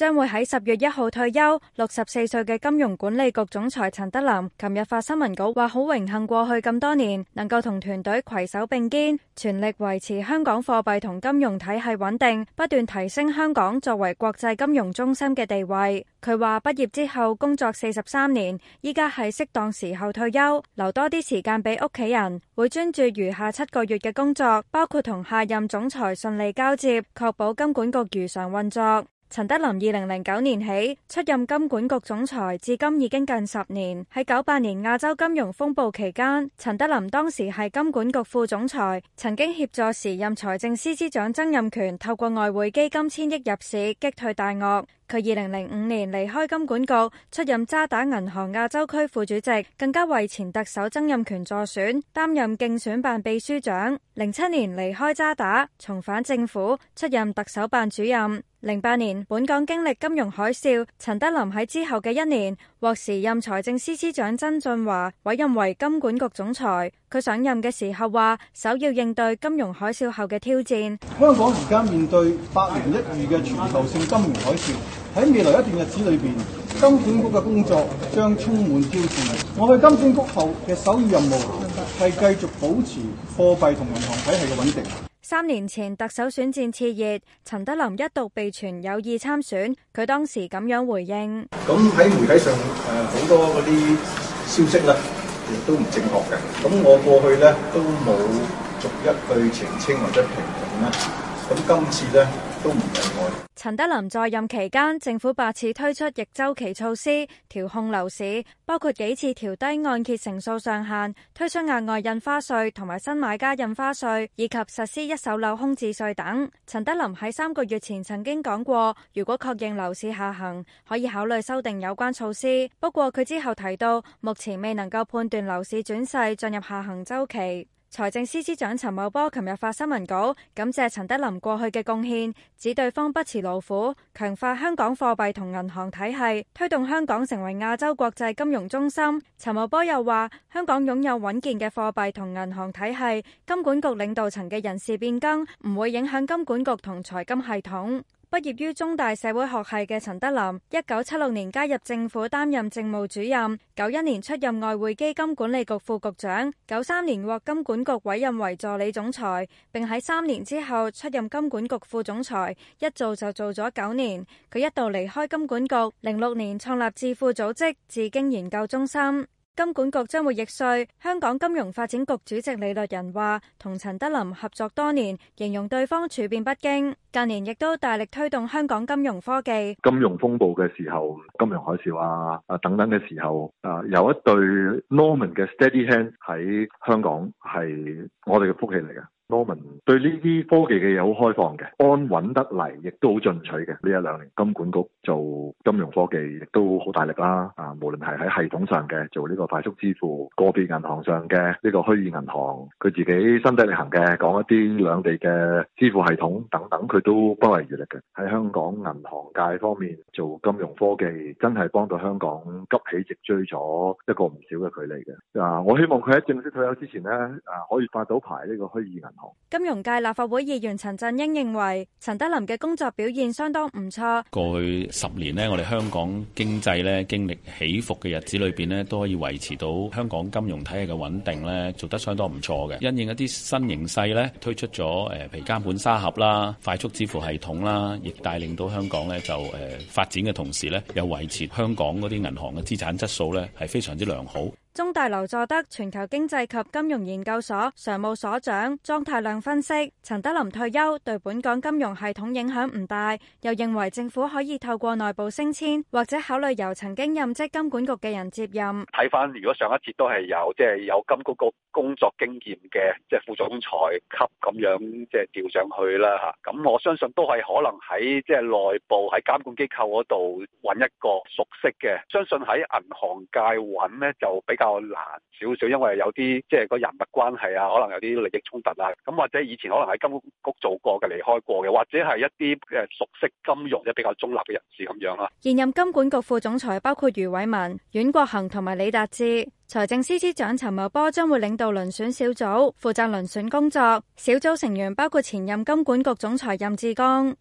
將會喺十月一號退休，六十四歲嘅金融管理局總裁陳德霖，琴日發新聞稿話：好榮幸過去咁多年能夠同團隊攜手並肩，全力維持香港貨幣同金融體系穩定，不斷提升香港作為國際金融中心嘅地位。佢話畢業之後工作四十三年，依家係適當時候退休，留多啲時間俾屋企人，會專注餘下七個月嘅工作，包括同下任總裁順利交接，確保金管局如常運作。陳德林二零零九年起出任金管局總裁，至今已經近十年。喺九八年亞洲金融風暴期間，陳德林當時係金管局副總裁，曾經協助時任財政司司，司長曾蔭權透過外匯基金千億入市擊退大鱷。佢二零零五年離開金管局，出任渣打銀行亞洲區副主席，更加為前特首曾蔭權助選，擔任競選辦秘書長。零七年離開渣打，重返政府，出任特首辦主任。零八年，本港經歷金融海嘯，陳德霖喺之後嘅一年獲時任財政司司長曾俊華委任為金管局總裁。佢上任嘅時候話，首要應對金融海嘯後嘅挑戰。香港而家面對百年一遇嘅全球性金融海嘯，喺未來一段日子裏邊，金管局嘅工作將充滿挑戰。我去金管局後嘅首要任務係繼續保持貨幣同銀行體系嘅穩定。三年前特首選戰熾熱，陳德霖一度被傳有意參選，佢當時咁樣回應：咁喺媒體上誒好多嗰啲消息咧，亦都唔正確嘅。咁我過去咧都冇逐一去澄清或者評論啦。咁今次咧。陳德霖在任期間，政府八次推出逆周期措施調控樓市，包括幾次調低按揭成數上限，推出額外印花稅同埋新買家印花稅，以及實施一手樓空置稅等。陳德霖喺三個月前曾經講過，如果確認樓市下行，可以考慮修訂有關措施。不過佢之後提到，目前未能夠判斷樓市轉勢進入下行周期。財政司司長陳茂波琴日發新聞稿，感謝陳德霖過去嘅貢獻，指對方不辭勞苦，強化香港貨幣同銀行體系，推動香港成為亞洲國際金融中心。陳茂波又話，香港擁有穩健嘅貨幣同銀行體系，金管局領導層嘅人事變更，唔會影響金管局同財金系統。畢業於中大社會學系嘅陳德霖，一九七六年加入政府擔任政務主任，九一年出任外匯基金管理局副局長，九三年獲金管局委任為助理總裁，並喺三年之後出任金管局副總裁，一做就做咗九年。佢一度離開金管局，零六年創立智庫組織自經研究中心。金管局將會逆稅。香港金融發展局主席李律仁話，同陳德霖合作多年，形容對方處變不驚。近年亦都大力推動香港金融科技。金融風暴嘅時候，金融海嘯啊，啊等等嘅時候，啊有一對 Norman 嘅 steady hand 喺香港係我哋嘅福氣嚟嘅。多文對呢啲科技嘅嘢好開放嘅，安穩得嚟，亦都好進取嘅。呢一兩年金管局做金融科技亦都好大力啦、啊，啊，無論係喺系統上嘅做呢個快速支付，個別銀行上嘅呢、呢個虛擬銀行，佢自己身體力行嘅講一啲兩地嘅支付系統等等，佢都不遺餘力嘅。喺香港銀行界方面做金融科技，真係幫到香港急起直追咗一個唔少嘅距離嘅。嗱、啊，我希望佢喺正式退休之前呢，啊，可以發到牌呢個虛擬銀行。金融界立法會議員陳振英認為，陳德霖嘅工作表現相當唔錯。過去十年咧，我哋香港經濟咧經歷起伏嘅日子裏邊咧，都可以維持到香港金融體系嘅穩定咧，做得相當唔錯嘅。因應一啲新形勢咧，推出咗誒，譬如監管沙盒啦、快速支付系統啦，亦帶領到香港咧就誒、呃、發展嘅同時咧，又維持香港嗰啲銀行嘅資產質素咧係非常之良好。中大劉佐德全球經濟及金融研究所常務所長莊太亮分析：陳德霖退休對本港金融系統影響唔大，又認為政府可以透過內部升遷，或者考慮由曾經任職金管局嘅人接任。睇翻如果上一節都係有，即係有金管局工作經驗嘅，即係副總裁級咁樣，即係調上去啦吓。咁我相信都係可能喺即係內部喺監管機構嗰度揾一個熟悉嘅，相信喺銀行界揾咧就比。較難少少，因為有啲即係個人物關係啊，可能有啲利益衝突啊。咁或者以前可能喺金管局做過嘅離開過嘅，或者係一啲嘅熟悉金融即比較中立嘅人士咁樣啦。現任金管局副總裁包括余偉文、阮國恒同埋李達志，財政司司長陳茂波將會領導遴選小組，負責遴選工作。小組成員包括前任金管局總裁任志剛。